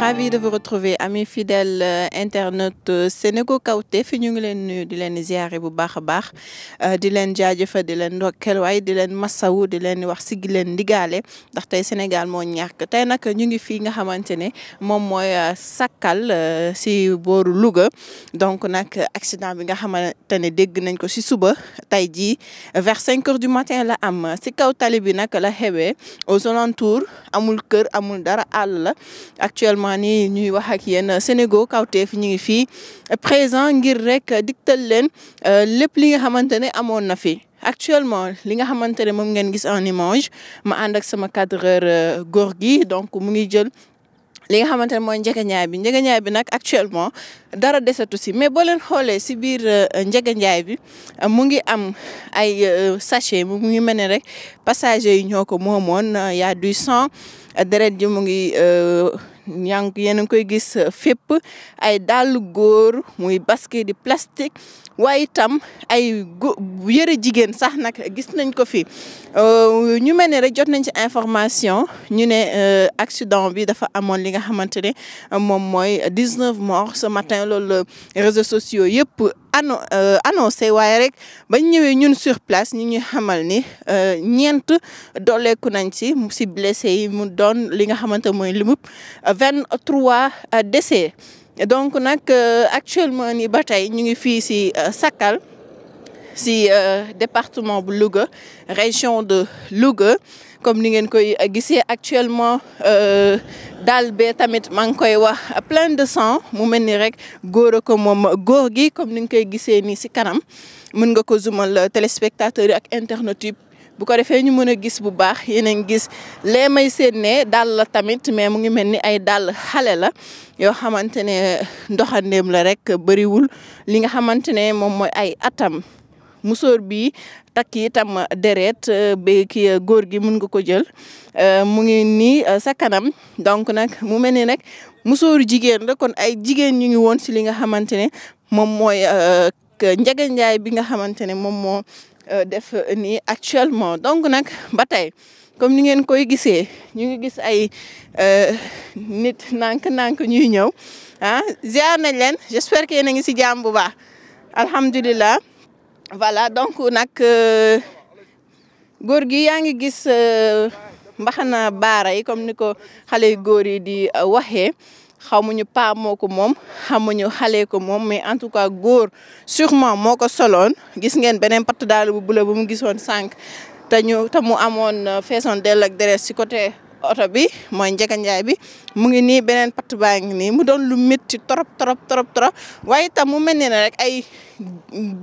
ravi de vous retrouver amis fidèles euh, internautes euh, Sénégo Kawtef ñu ngi leen nuyu di leen ziare bu baax a baax euh, di leen jaajëfal di leen ndokkel waaye di leen masawu di leen wax si gi leen ndigaale ndax tey Sénégal mooy ñàkk tey nag ñu ngi fii nga xamante ne moom mooy Sakal si booru Louga donc nag accident bi nga xamante ne dégg nañ ko si suba tey jii vers cinq heures du matin la am si kaw tali bi nag la xewee aux alentours amul kër amul dara àll la moment ni ñuy wax ak yéen Sénégal kawteef ñu ngi fii présent ngir rek diktal leen euh, lépp li nga xamante ne amoon na fi actuellement li nga xamante ne moom ngeen gis en image ma ànd ak sama cadreur euh, góor gi donc mu ngi jël li nga xamante ne mooy njëgënjaay bi njëgënjaay bi nag actuellement dara desatu si mais boo leen xoolee si biir euh, njëgënjaay bi mu ngi am ay sachet mu ngi mel ne rek passagers yi ñoo ko moomoon y du sang deret ji mu ngi yaa ngi yéen a ngi koy gis fépp ay dàll góor muy basket di plastique waaye itam ay yëre jigéen sax nag gis nañ ko fi euh, ñu mel ne rek jot nañ ci information ñu ne euh, accident bi dafa amoon li nga xamante ne moom mooy 19 morts ce matin loolu réseaux sociaux yëpp ano euh, annoncé waaye rek bañ ñëwee ñun sur place ñu ñuy xamal ni ñeent dooleeku nañ ci si blessé yi doon li nga xamante mooy limub 23 décès donc nag euh, actuellement nii ba tey ñu ngi fii si euh, Sakal ci euh, département bu Louga région de Louga comme ni ngeen koy gisee actuellement daal be tamit maa ngi koy wax plein de sang mu mel ni rek góor a ko moom góor gi comme ni nga koy gisee nii si kanam mën nga ko zoomal téléspectateurs yi ak internet bu ko defee ñu mën a gis bu baax yéen a ngi gis lee may seen ne dàll la tamit mais mu ngi mel ni ay dàll xale la yoo xamante ne ndoxandeem la rek bariwul li nga xamante ne moom mooy ay atam musóor bi takk deret euh, ba kii euh, góor gi mun nga ko jël euh, mu ngi ni sa kanam donc nag mu mel ni nag musóoru jigéen la kon ay jigéen ñu ngi woon si li nga xamante ne moom mooy njaganjaay bi nga xamante ne moom Euh, def euh, nii actuellement donc nag ba tey comme ni ngeen koy gisee ñu ngi gis ay euh, nit nànk-nànk ñuy ñëw ah ziar nañ leen j'espère que yéen a ngi si jàmm bu baax alhamdulilah voilà donc nag góor gi yaa ngi gis mbaxana baara yi comme ni ko xale yu góor yi di waxee xamuñu paa moo ko moom xamuñu xale ko moom mais en tout cas góor surement moo ko soloon gis ngeen beneen patt daal bu bula bu mu gisoon sànq te ñu te mu amoon euh, feesoon dell ak deret si côté oto bi mooy Ndiaga Ndiaye bi mu ngi nii beneen pat baa ngi nii mu doon lu métti trop trop trop trop waaye tam mu mel ne rek ay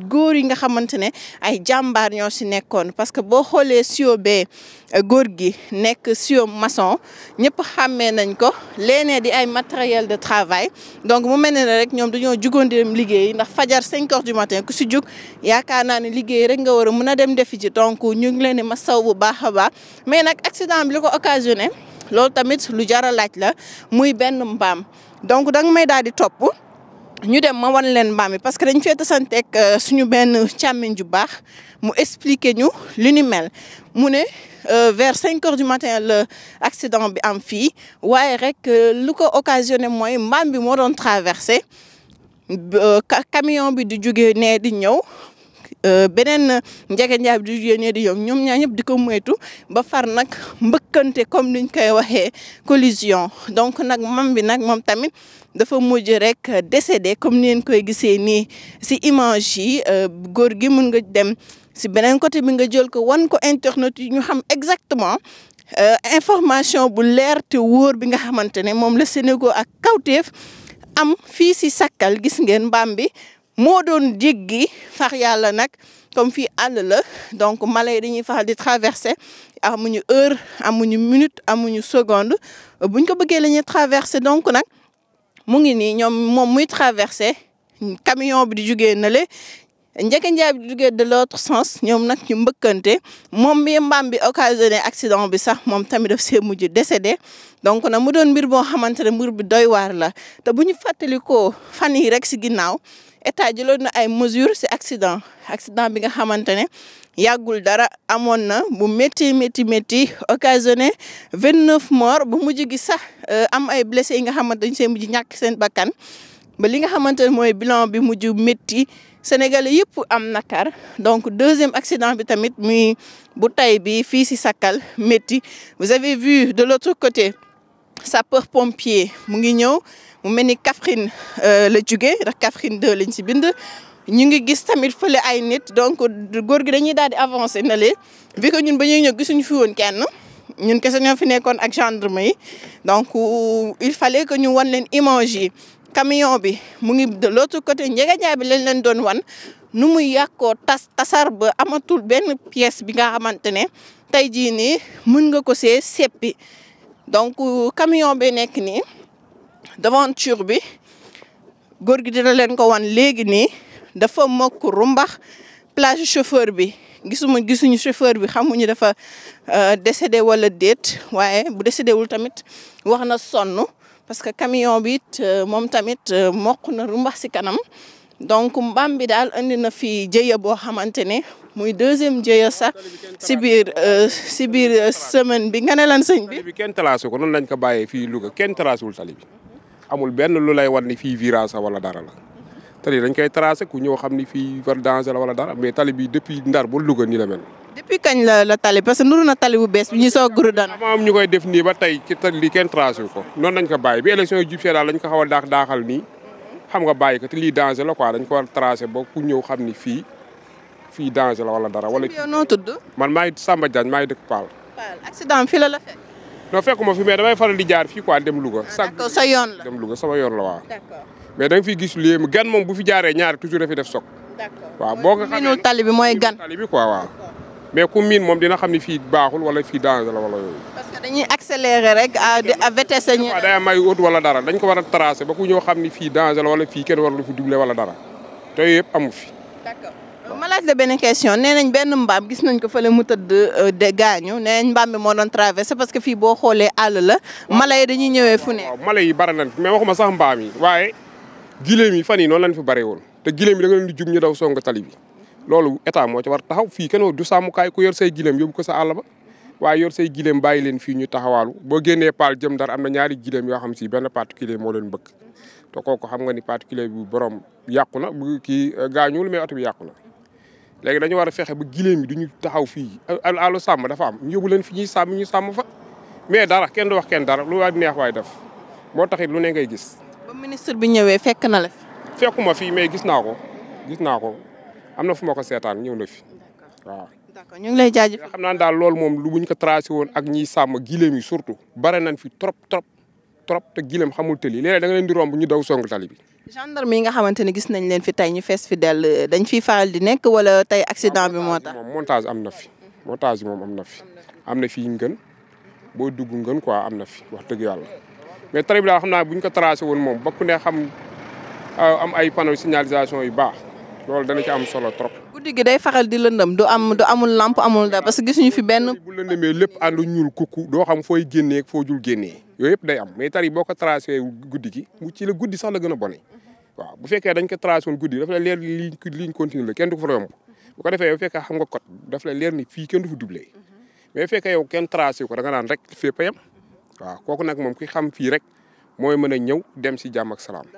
góor yi nga xamante ne ay jàmbaar ñoo si nekkoon parce que boo xoolee sio bee eh, góor gi nekk sio maçon ñëpp xàmmee nañ ko leenee di ay matériel de travail donc mu mel ne rek ñoom dañoo jugoon di dem liggéey ndax fajar 5 heures du matin ku si jug yaakaar naa ne liggéey rek nga war a mën a dem defi ci donc ñu ngi leen di masaw bu baax a baax loolu tamit lu jara a laaj la muy benn mbaam donc danga may daal di topp ñu dem ma wan leen mbaam yi parce que dañ fee tasanteeg euh, suñu benn càmmiñ ju baax mu expliquer ñu li ni mel mu ne euh, vers cinq heures du matin la accident bi am fii waaye rek euh, lu ko occasionné mooy mbaam bi moo doon traversé camion bi di jóge nee di ñëw Euh, beneen njege njaay bi di jugee ne di yow ñoom ñaa ñëpp di ko moytu ba far nag mbëkkante comme niñ koy waxee collision donc nag mam bi nag moom tamit dafa mujj rek décédé comme ni ngeen koy gisee nii si image yi euh, góor gi mun nga dem si beneen côté bi nga jël ko wan ko internet yi ñu xam exactement euh, information bu leer te wóor bi nga xamante ne moom la Sénégal ak kawteef am fii si Sakal gis ngeen mbaam bi moo doon jéggi far yàlla nag comme fii àll la donc mala yi dañuy faral di traverser amuñu heure amuñu minute amuñu seconde buñ ko bëggee la ñuy traverser donc nag mu ngi nii ñoom moom muy traverser camion bi di jugee na le njëkk njaay bi di jugee de l'autre sens ñoom nag ñu mbëkkante moom bi mbaam bi occasionné accident bi sax moom tamit daf see mujj décédé donc nag mu doon mbir boo xamante ne mbir bi doy waar la te bu ñu fàttalikoo fan yi rek si ginnaaw. état jëloon na ay mesures si accident accident bi nga xamante ne yàggul dara amoon na bu métti métti métti occasionné vingt neuf morts bu mujj gi sax euh, am ay blessés yi nga xamante ne seen mujj ñàkk seen bakkan ba li nga xamante ne mooy bilan bi mujj métti Sénégalais yëpp am nakar donc deuxième accident bi tamit muy bu tay bi fii si Sakal métti vous avez vu de l'autre côté sapeur pompier mu ngi ñëw mu mel ni Kaffrine euh, la jugee ndax Kaffrine 2 lañ si bind ñu ngi gis tamit fële ay nit donc góor gi dañuy daal di avancer na lee vu que ñun ba ñuy ñëw gisuñu fi woon kenn ñun kese ñoo fi nekkoon ak gendarme yi donc il fallait que ñu wan leen image yi camion bi mu ngi de l'autre côté njegeñaay bi lañ leen doon wan nu muy yàqoo tas tasar ba amatul benn pièce bi nga xamante ne tey jii nii mën nga ko see seppi donc camion be nekk nii. devanture bi góor gi dina leen ko wan léegi nii dafa mokk rumbax plage chauffeur bi gisuma gisuñu chauffeur bi xamuñu dafa euh, décédé wala déet waaye bu décédé wul tamit wax na sonn parce que camion bi it euh, moom tamit euh, mokk na rumbax si kanam donc mbaam bi daal indi na fi jëya boo xamante ne muy deuxième jëya sax si biir si biir semaine bi nga ne lan sëñ bi. kenn talaasu ko noonu lañ ko bàyyee fii Louga kenn talaasuwul tali bi. amul benn lu lay wan ni fii virage la wala dara la tali dañ koy tracé ku ñëw xam ni fii war danger la wala dara mais tali bi depuis Ndar ba Louga ni la mel. na ba tey ko noonu lañ ko ko a ko te lii danger la quoi dañ ko war tracé ba ku ñëw xam ni fii fii danger la wala dara. wala yow noo tudd. man maay Samba Diagne maay dëkk Paal. Paal non fekkuma fi mais damay faral di jaar fii quoi dem Louga. Ah, d'accord sa yoon la dem Louga sama yoon la waaw. d'accord mais da nga fiy gis lii gan moom bu fi jaaree ñaar toujours dafi def soog. d'accord waaw boo ko xamee tali bi mooy gan tali bi quoi mais ku miin moom dina xam ni fii baaxul wala fii danger la wala yooyu. parce que rek à vitesse ñu. waaw day dara dañ ko war a tracer ba ku ñëw xam ne fii danger la wala fii kenn warul fi dugle wala dara te yooyu yëpp amu fi. Euh, ma laaj benn question nee nañ benn mbaam gis nañ ko fële mu tëdd euh, de gaañu nee nañ mbaam bi moo doon traversé parce que fii boo xoolee àll la mala yi dañuy ñëwee fu ne. waaw mala yi bari nañ mais waxuma sax mbaam yi waaye gileem yi fan yi noonu lañ fi bari te gileem yi nga leen ñu daw song tali bi loolu état moo ci war taxaw fii kenn du sàmmukaay ku yor say gileem yóbbu ko sa àll ba waaye yor say gileem bàyyi leen fii ñu taxawaalu boo génnee paal jëm Ndar am na ñaari gileem yoo xam si benn particulier moo leen bëgg te kooku xam nga ni particulier bi borom yàqu na bu kii euh, gaañuwul mais oto bi yàqu na léegi dañu war a fexe ba giléem du duñu taxaw fii àllu sàmm dafa am ñu yóbbu leen fi ñuy sàmm ñu sàmm fa mais dara kenn du wax kenn dara lu waay neex waay def moo taxit lu ne ngay gis. ba ministre bi ñëwee fekk na le fekkuma fii mais gis naa ko gis naa ko am na fu ma ko seetaan ñëw na fi waaw. d'accord ñu ngi lay jaajëfal xam naa daal loolu moom lu buñ ko tracé woon ak ñiy sàmm giléem yi surtout bare nañ fi trop trop trop te giléem xamul tëli léeg-léeg da leen di romb ñu daw song tali bi. gendarme yi nga xamante ne gis nañ leen fi tey ñu fees fi dell dañ fiy faral di nekk wala tey accident bi moo tax. montage am na fi montage bi moom am na fi am na fii ngën boo dugg ngën ko am na fi wax dëgg yàlla mais tali bi xam naa bu ñu ko tracé woon moom ba ku ne xam euh, am ay panneaux signalisation yu baax. loolu dana ci am solo trop. guddi gi day faral di lëndëm du am du amul lampe amul dara parce que gisuñu fi benn. bu lëndëmee lépp ànd ñuul kukku doo xam fooy génnee foo jul génnee yëpp day am mais tari boo ko tracé guddi gi mu ci la guddi sax la gën a bone waaw bu fekkee dañ ko tracé woon guddi dafa la leer ligne ligne kenn du ko fa yomb ko defee bu fekkee xam nga code dafa la leer ni fii kenn du fu doublé mais fekkee yow kenn tracé ko da nga rek fépp a waaw kooku nag moom ki xam fii rek mooy mën a ñëw dem si jàmm ak salaam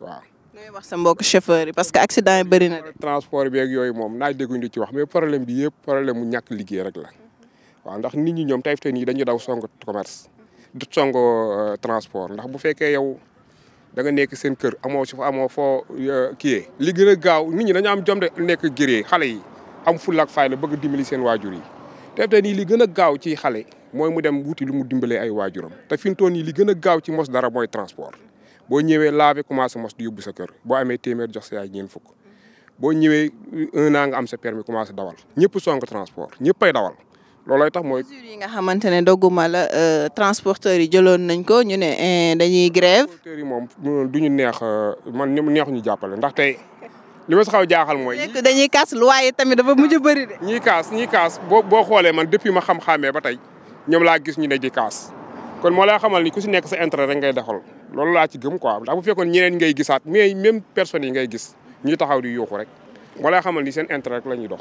waaw. ngay wax sa mbokk chauffeur yi parce que accident yi bëri na de. transport bi ak yooyu moom naaj dégguñu di ci bi yëpp problème mu ñàkk rek la waaw ndax nit ñi ñoom tey te nii dañu daw song commerce du song euh, transport ndax bu fekkee yow da nga nekk seen kër amoo ci amoo foo euh, kiyee li gën a gaaw nit ñi dañu am jom de nekk géree xale yi am fulla ak fay la bëgg dimbali seen waajur yi tey te nii li gën a gaaw ci xale mooy mu dem wuti lu mu dimbalee ay waajuram te fi mu toll nii li gën a gaaw ci mos dara mooy transport boo ñëwee laa laabe commencé mos di yóbbu sa kër boo amee téeméer jox sa yaay ñeen fukk boo ñëwee naa an nga am sa permis commencé dawal ñëpp sonk transport ñëppay dawal loolooy tax mooy. yi nga xamante ne dogguma la euh, transporteurs yi jëloon nañ ko ñu ne eh, dañuy grève. yi moom euh, du ñu neex euh, man neexu ñu jàppale ndax tey li ma si xaw jaaxal mooy. dañuy kaas loi yi tamit dafa mujj bëri de. ñiy kaas ñiy kaas boo boo xoolee man depuis ma xam-xamee ba tey ñoom laa gis ñu ne ji kaas. kon moo laa xamal ni ku si nekk sa intérêt rek ngay doxal loolu laa ci gëm ko ndax bu fekkoon ñeneen ngay gisaat mais même ngay gis ñuy taxaw di yuuxu rek moo laa xamal ni seen intérêt la ñuy dox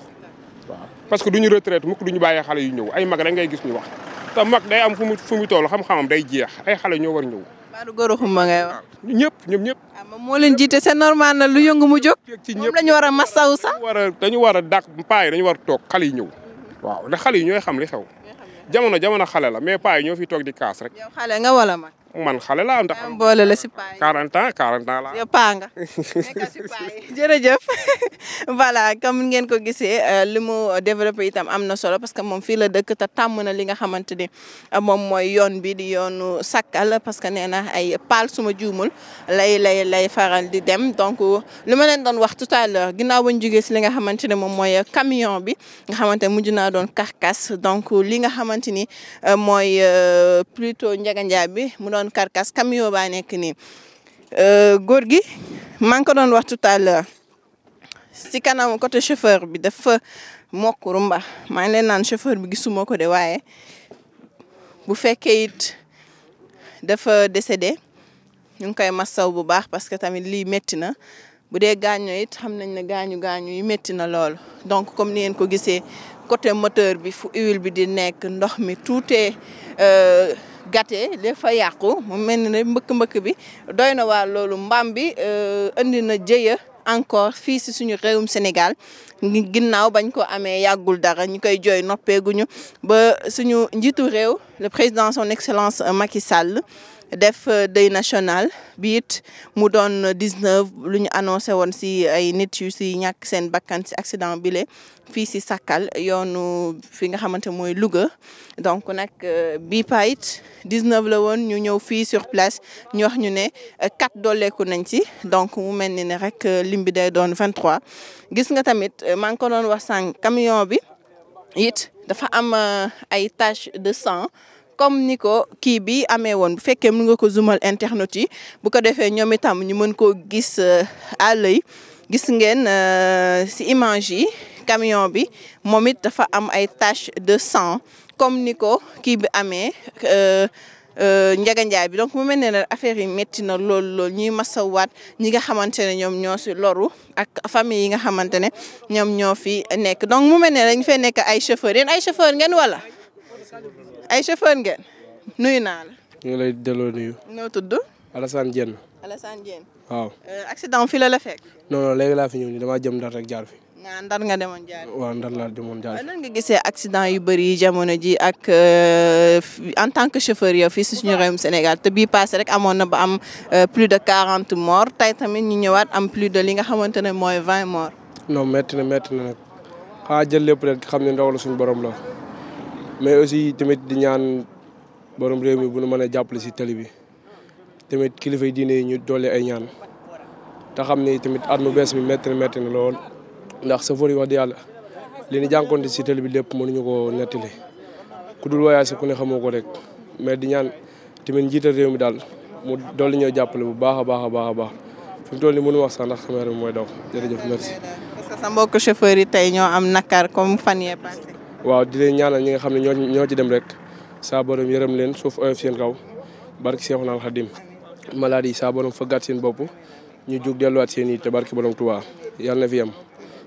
waaw parce que du ñu retraite ñu bàyyee xale yu ñëw ay mag rek ngay gis ñu wax te mag day am fu mu fu mu toll xam-xamam day jeex ay xale ñoo war ñëw Badou Gora Khouma ngay ñëpp ñoom ñëpp. ah moo leen jiite c'est normal na lu yëngu mu jóg. ci ñëpp moom war a masawu sax. dañu war a dañu war a dàq paa yi dañu war a toog xale yi ñëw. waaw ndax xale yi ñooy xam li xew jamono jamono xale la mais paa yi ñoo fi toog di kaas rek. yow xale nga wala man xale laa ndax. boole la si paa yi 40 ans jërëjëf voilà comme ngeen ko gisee euh, li mu développé itam am na solo parce que moom fii la dëkk te tàmm na li nga xamante ni euh, moom mooy yoon bi di yoon sakkal parce que nee na ay paal suma juumul lay lay lay faral di dem donc li ma leen doon wax tout à l'heure ginnaaw bañ jógee si li nga xamante ne moom mooy camion bi nga xamante ne mujj naa doon carcasse donc li nga xamante ni euh, mooy plutôt njaganjaay bi mu doon carcasse camion baa nekk nii euh, góor gi maa ngi ko doon wax tout à si kanam côté chauffeur bi dafa mokk rumba maa ngi leen naan chauffeur bi gisuma ko de waaye bu fekkee it dafa décédé ñu ngi koy massaw bu baax parce que tamit lii métti na bu dee gaañoo it xam nañ ne gaañu gaañu yi métti na lool donc comme ni ngeen ko gisee côté moteur bi fu huile bi di nekk ndox mi tuutee euh, gàttee dafa yàqu mu mel na ne mbëkk-mbëkk bi doy na waa loolu mbaam bi euh, indi na jëya encore fii si suñu réewum Sénégal ginnaaw bañ ko amee yàggul dara ñu koy jooy noppeeguñu ba suñu njiitu réew le président son excellence euh, Macky Sall def deuil national biit mu doon 19 lu ñu annoncé woon si ay nit yu si ñàkk seen bakkan si accident bile fii si Sakal yoonu fi nga xamante mooy Louga donc nag euh, bi payit 19 la woon ñu ñëw fii sur place ñu wax ñu ne euh, quatre dolleeku nañ ci donc mu mel ni ne rek euh, lim bi day doon 23 gis nga tamit maa ngi ko doon wax sànq camion bi it dafa am ay tache de sang comme ni ko kii bi amee woon bu fekkee mën nga ko zoomal internet yi bu ko defee ñoom itam ñu mën koo gis euh, à l'œil gis ngeen ci euh, image yi camion bi moom it dafa am ay taches de sang comme ni ko kii bi amee euh, njaganjaay bi donc mu mel ne nag affaire yi métti na lool lool ñuy masawaat ñi nga xamante ne ñoom ñoo si loru ak famille yi nga xamante ne ñoom ñoo fi nekk donc mu mel ne dañ fay nekk ay chauffeurs yéen ay chauffeurs ngeen wala ay chauffeur ngeen. nuyu naa la. ñu ngi lay delloo nuyu. noo tudd. Alassane Diène. Alassane Diène. waaw. Euh, accident fi la la fekk. non non léegi laa fi ñëw nii damaa jëm Ndar rek jaar fi. naa Ndar nga demoon jaar fi. waaw Ndar euh, nga gisee accident yu bëri yi jamono ji ak euh, en tant que chauffeur yow fii si suñu réewum Sénégal te bii passé rek amoon na ba am plus de quarante morts tey tamit ñu ñëwaat am plus de li nga xamante ne mooy vingt morts. non métti na métti na jël lépp rek xam ne ndaw la suñu borom la. mais aussi tamit di ñaan borom réew mi bu nu mën a jàppale si tali bi tamit kilifa yi diine ñu doole ay ñaan te xam ni tamit at mu bees mi métti na métti na lool ndax safar yi wax di yàlla li ñu jànkoonte si tali bi lépp mënuñu ko nettali ku dul voyage ku ne xamoo ko rek mais di ñaan tamit njiital réew mi daal mu dolli ñoo jàppale bu baax a baax a baax a baax fi mu toll nii mënu wax sax ndax caméra mooy daw jërëjëf merci. sa mbokk chauffeur yi tey ñoo am nakar comme fan waaw di leen ñaanal ñi nga xam ne ñoo ñoo ci dem rek saa borom yërëm leen suuf seen kaw barke Seexuna al Xadim malade yi saa borom seen bopp ñu jug delluwaat seen yi te barke borom Tuubaa yàlla fi am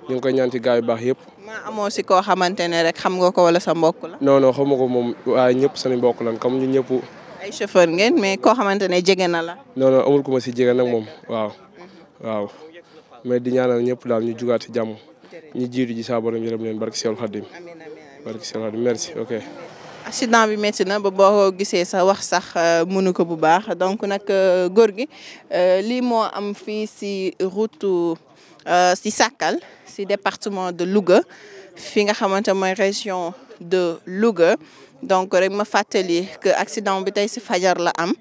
ñu ngi koy ñaan ci yu baax yëpp. amoo si koo xamante ne rek xam nga ko wala sa mbokk la. non non xamu ko moom ñëpp seen mbokk lan comme ñun ñëpp. ay chauffeur mais koo xamante ne jege na la. non amul ku ma si jege moom waaw waaw mais di ñaanal ñëpp daal ñu jugaat si jàmm ñu jiitu ji saa borom yërëm leen barke Seexul Xadim barki salaam bi métti na ba boo gisee sa wax sax euh, mënu ko bu baax donc nag euh, góor gi euh, lii moo am fii si route si Sakal si département de Louga fi nga xamante mooy région de Louga donc rek ma fàttali que accident bi tey si fajar la am.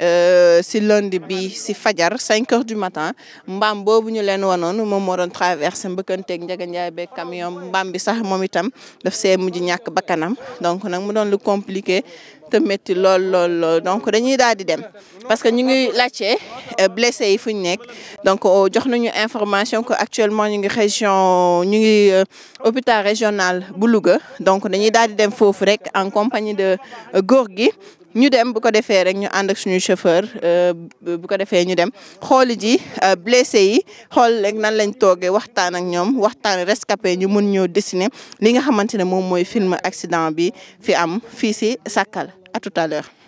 Euh, si lundi bi si fajar 5 heures du matin mbaam boobu ñu leen wanoon moom moo doon traversé mbëkkanteeg njaganjaay beeg camion mbaam bi sax moom itam daf se mujj ñàkk bakkanam donc nag mu doon lu compliqué te métti lool lool lool donc dañuy daal di dem parce que ñu ngi laajte euh, blessé yi fu ñu nekk donc euh, jox nañu information que actuellement ñu ngi région ñu ngi hôpital régional bu luga donc dañuy daal dem foofu rek en compagnie de góor ñu dem bu ko defee rek ñu ànd ak suñu chauffeur euh, bu ko defee ñu dem xooli ji euh, blessé yi xool rek nan lañ toogee waxtaan ak ñoom waxtaan rescapé ñu mun ñoo dessiner li nga xamante ne moom mooy film accident bi fi am fii si Sakal à tout à l'heure